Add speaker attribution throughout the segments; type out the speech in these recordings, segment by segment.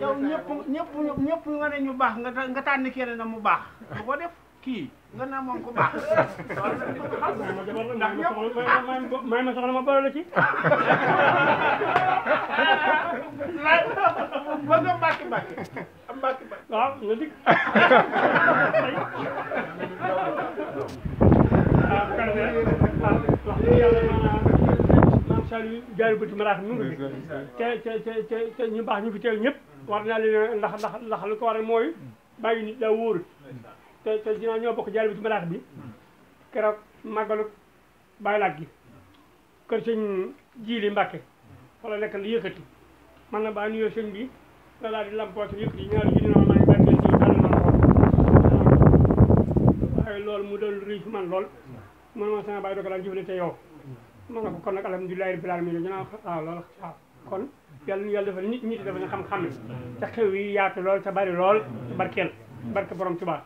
Speaker 1: Yang ñëpp ñëpp ñëpp nga ne ñu baax nga
Speaker 2: taalibe jaaru bëti maraax nu ngi fi te te te te ñu baax ñu fi teew ñëpp war naa leen ndax ndax ndax lu ko waral mooy bàyyi nit daa wóorut te te dinaa ñoo bokk jaaru bëti maraax bi keroog màggalu bàyyi laaj gi kër sëñ jiili mbàkke wala nekk na yëkkati man na baa nuyoo sëñ bi la daal di lampoo si yëkkati ñaari ji naa maa ngi bàyyi sëñ jiw tànn naa ko waaye loolu mu doon rëy man lool man ma sama bàyyi dogalaan jëflante yow ma ne ko kon nag alhamdulilahi rabbil alamin ñu naan waaw loolu waaw kon yàlla ñu yàlla defal nit ñi dafa ñu xam-xam ne te xew yaatu lool te bari lool te barkeel barke borom Tuubaa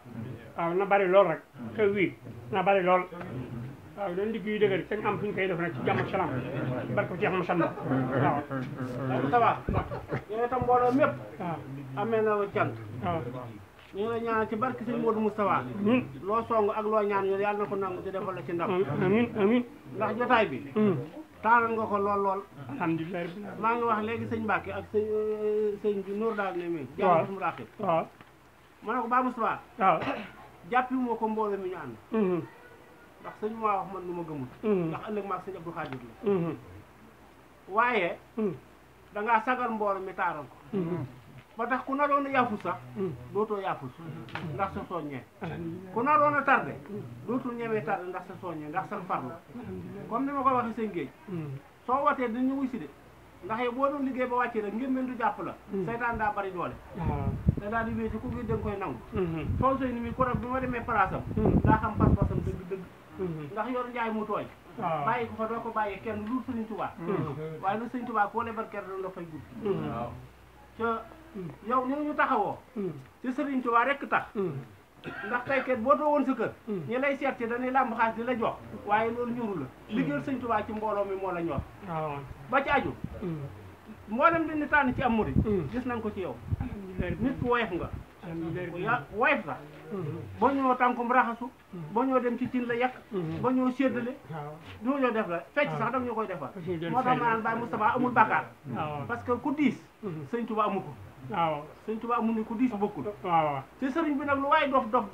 Speaker 2: waaw na bari lool rek xew yi na bari lool waaw dañ digg yu dëgër te ñu am fu ñu koy def nag ci jàmm ak salaam barke Cheikh Moussa waaw sa waa
Speaker 1: yéen itam mbooloo mépp waaw amee na cant waaw ñu ngi ñaan ñaanal ci barke sëñ Modou Moustapha loo song ak loo ñaan yooyu yàlla na ko nangu te defal la ci ndam amin amin ndax jotaay bi hmm. taalan nga ko lool lool alhamdulilah maa ngi wax léegi sëñ Mbacke ak sëñ euh, sëñ bi Nour daal ne mi jàmm su mu ràqib ko baa Moustapha waaw jàppi moo ko mbooloo mi ñu ànd hmm. ndax sëñ maa wax man lu ma gëmul hmm. ndax ëllëg maag sëñ Abdou Khadir la waaye dangaa sagal mbooloo mi taaral ko ba tax ku naroon a yaafus sax mm. dootoo yaafus mm. ndax sa soññee mm. ku naroon a tardé dootul ñemee tardé ndax sa soññee ndax sa farlu comme ni ma ko waxee seen géej soo watee dañu wuy si de ndax yow boo doon liggéey ba wàcce rek ngir mel du jàpp la saytaan daa bari doole ah. da di wéy si ku ngir danga koy nangu mm-hmm. soo sëy ni mi ko bi ma demee palaasam daa xam pas-pasam dëgg dëgg mm-hmm. ndax yor njaay mu tooy ah. bàyyi ko fa doo ko bàyyi kenn lu Sëriñ Tubaa koo mm-hmm. yow ni ñu taxawoo mm. ci Serigne Touba rekk tax mm. ndax tey kat boo too woon sa kër mm. ñi lay seet ci dañuy làmb xaalis di la jox waaye loolu ñuru la liggéeyal Serigne Touba ci mbooloo mi moo la ñor ah, ba ci aju mboolem bi ni tànn ci am murid gis nañ ko ci yow nit ku woyof nga ya woyof sax boo ñëw raxasu boo ñëw dem ci cin la yàq boo ñëw séddale ah, du ñoo def la ah. fecc sax daf ñoo koy defal moo tax ma naan Baye Moustapha amul bàkkaar parce que ku diis Sëñ Tuba amu ko waaw sëñ Tuubaa mu ne ku diis bokkul waaw te sëriñ bi nag lu waay dof dof